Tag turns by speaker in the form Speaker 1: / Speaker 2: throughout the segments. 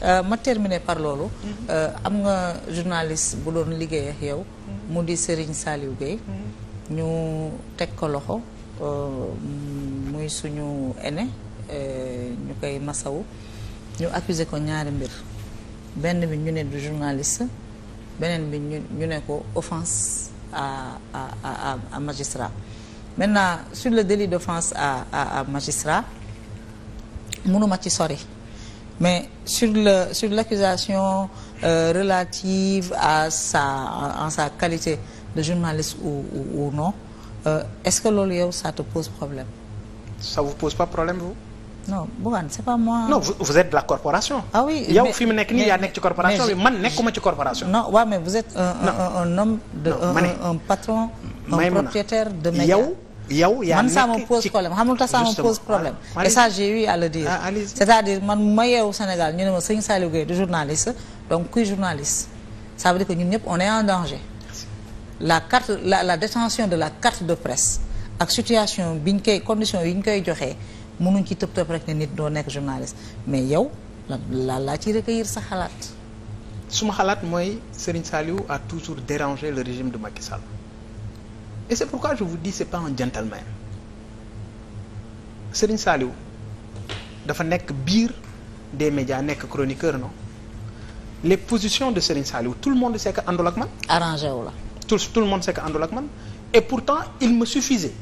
Speaker 1: Euh, ma terminer par loolu. Mm-hmm. Euh, am nga journaliste bu doon liggéey ak yow. Mm-hmm. mu di Serigne Saliou Gueye. Mm-hmm. ñu teg ko loxo euh, muy suñu aîné ñu koy masawu ñu accuser ko ñaari mbir benn bi ñu ne du journaliste beneen bi ñu ne ko offense à à à à magistrat maintenant sur le délit d'offense à à à magistrat mënuma ci sori. mais sur le sur l'accusation euh, relative à sa en sa qualité de journaliste ou, ou, ou non euh, est-ce que loolu yow ça te pose problème.
Speaker 2: ça vous pose pas problème vous.
Speaker 1: non Bougane c'est pas moi. non vous, vous
Speaker 2: êtes de la corporation.
Speaker 1: ah oui yow fi mu nekk nii yaa nekk ci corporation bi man nekkuma ci corporation. non waaw mais vous êtes un un, un, un homme. de non, un, un patron. un propriétaire de média yow. yow yaa man ça me pose problème xam nga ça me pose problème ah, et ça à le dire ah, cest man ma yeewu Sénégal ñu ne ma sëñ Saliou Gueye du journaliste donc kuy journaliste ça veut dire ñun ñëpp on est en danger la carte la la détention de la carte de presse ak situation bi ñu koy condition yi ñu koy joxee mënuñ ci tëb tëb rek ne nit doo nekk journaliste mais yow la la laa ci recueillir sa xalaat ma xalaat mooy Serigne Saliou a toujours dérangé le régime
Speaker 2: de ma Sall et c'est pourquoi je vous dis c'est pas un gentleman Serigne Saliou dafa nekk biir des médias nekk chroniqueur non les position de Serigne Saliou tout le monde sait que àndul ak man. arrangé wu la. tout le monde sait que àndul ak man et pourtant il me suffisait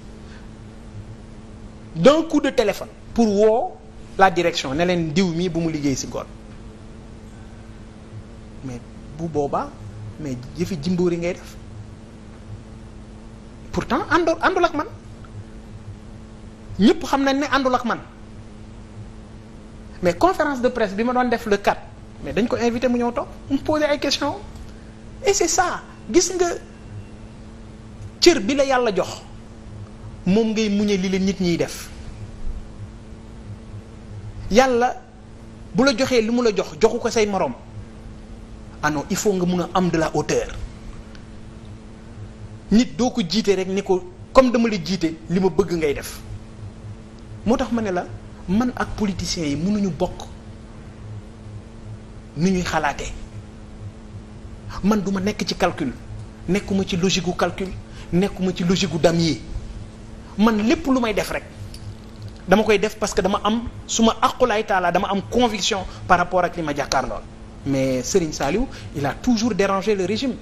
Speaker 2: d'un coup de téléphone. pour woo la direction ne leen diw mii bu mu liggéey si ngoon mais bu boobaa mais yëfi jimboori ngay def. pour àndu àndul ak man ñëpp xam nañ ne àndul ak man mais conférence de presse bi ma doon def le 4 mais dañ ko invité mu ñëw toog mu posé ay questions et c'est ça gis nga cër bi la yàlla jox moom ngay muñe li leen nit ñiy def yàlla bu la joxee li mu la jox joxu ko say moroom ah il faut nga mun a am de la hauteur. nit doo ko jiite rek ni ko comme dama la jiite li ma bëgg ngay def moo tax ma ne la man ak politiciens yi mënuñu bokk nu ñuy xalaate man duma nekk ci calcul nekkuma ci logique gu calcul nekkuma ci logique gu damier man lépp lu may def rek dama koy def parce que dama am su ma aqulaay taalaa dama am conviction par rapport ak li ma jàkkaarlool mais Serigne Saliou il a toujours dérangé le régime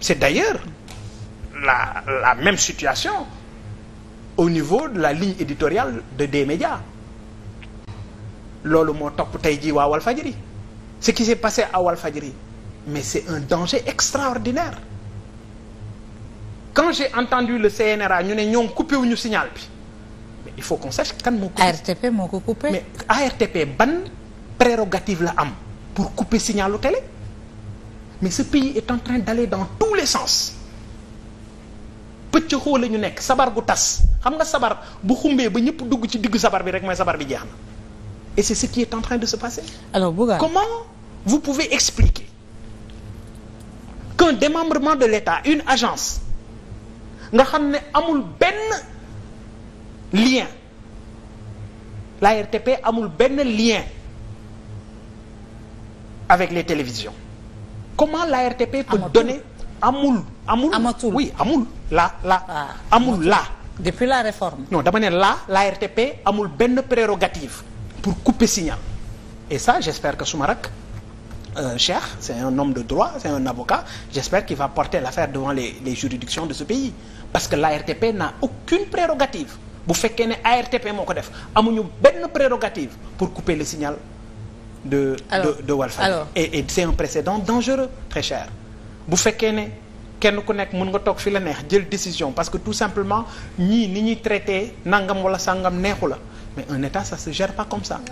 Speaker 2: c'est d'ailleurs la la même situation au niveau de la ligne éditoriale de des médias loolu moo topp tey jii waa Walfadjri ce qui s'est passé à Walfadjri mais c'est un danger extraordinaire quand j'ai entendu le CNRA ñu ne ñoom coupé wuñu signal bi mais il faut qu'on sache kan moo coupé ARTP moo coupé mais ARTP ban prérogative la am pour couper signalu télé mais ce pays est en train d'aller dans tous les sens pëcc xoo la ñu nekk sabar gu tas xam nga sabar bu xumbee ba ñëpp dugg ci diggu sabar bi rek mooy sabar bi jeex na et c'est ce qui est en train de se passer. alors Bougane comment vous pouvez expliquer qu'un démembrement de l'État une agence nga xam ne amul benn lien la RTP amul benn lien avec les télévisions comment la RTP peut Amatou. amul. amul amatul oui amul la la. Ah. amul la. depuis la réforme. non dama ne la la RTP amul benn prérogative pour couper signal et ça j'espère que suma rak Euh, Cheikh c'est un homme de droit c'est un avocat j'espère qu'il va porter l'affaire devant les juridictions de ce pays parce que l'ARTP n'a aucune prérogative bu fekkee ne ARTP moo ko def amuñu benn prérogative pour couper le signal de alors, de de Walfadjri et, et c'est un précédent dangereux très cher bu fekkee ne kenn ku nekk mën nga toog fi la neex jël décision parce que tout simplement ñii ni ñuy traité nangam wala sangam neexu la mais un état ça se gère pas comme ça